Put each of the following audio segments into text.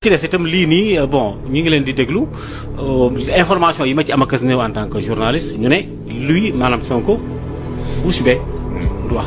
ci des itam lii nii euh, bon ñu ngi leen di déglu euh, information yi ma ci am ak as en tant que journaliste ñu ne luy maanaam Sonko bouche bée du wax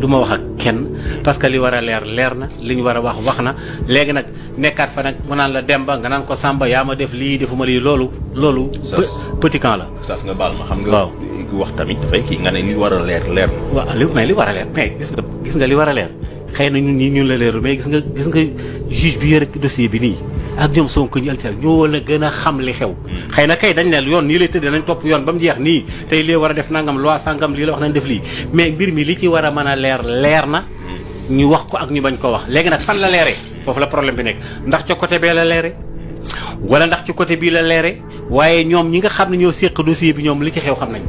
du ma wax ak kenn parce que li war a leer leer na li ñu war a wax wax na léegi nag nekkaat fa nag mu naan la Demba nga naan ko Samba yaa ma def lii defuma lii loolu loolu petit camp la sas nga baal ma xam nga waaw wax tamit kii nga ne li war a leer leer na waaw li li war a leer mais gis nga gis nga li war a leer xëy na ñu ñi ñun la leer mais gis nga gis nga juge bi yore dossier bi nii ak ñoom Sonko ñu ak ñoo la gën a xam li xew. Mm. xëy na kay dañ ne yoon nii lay tëddee nañ topp yoon ba mu jeex nii tey lii war a def nangam loi sangam lii la wax nañ def lii mais mbir mi li ci war a mën a leer leer na. Mm. ñu wax ko ak ñu bañ ko wax léegi nag fan la leeree foofu la problème bi nekk ndax ca côté bee la leere wala ndax ci côté bii la leere waaye ñoom ñi nga xam ne ñoo séq dossier bi ñoom li ci xew xam nañ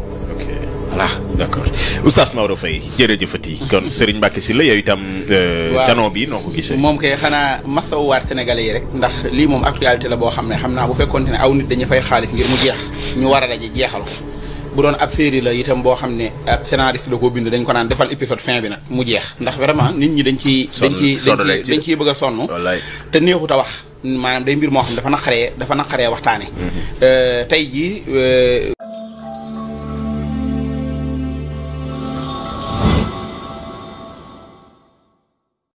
voilà d' accord oustaz Maodo Faye jërëjëfati kon Serigne si Sylla yow itam. Euh, waaw canoo bi noo ko gisee. moom kay xanaa masawuwaat sénégalais yi rek. ndax lii moom actualité la boo xam ne xam naa bu fekkoonte ne aw nit dañu fay xaalis ngir mu jeex ñu war a daje jeexal ko bu doon ab série la itam boo xam ne ab ah, scénariste ko bind dañ ko naan defal épisode fin bi nag mu jeex ndax vraiment nit ñi dañ ciy. dañ ciy dañ ciy bëgg a sonn. te neexut a wax maanaam day mbir moo xam dafa naqaree dafa naqaree waxtaane mm-hmm. euh, tey jii euh,